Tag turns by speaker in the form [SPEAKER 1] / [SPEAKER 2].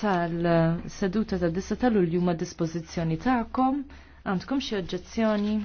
[SPEAKER 1] tal-seduta tad-disa tal-ulju ma' dispożizzjoni tagħkom. Għandkom xi oġġezzjoni?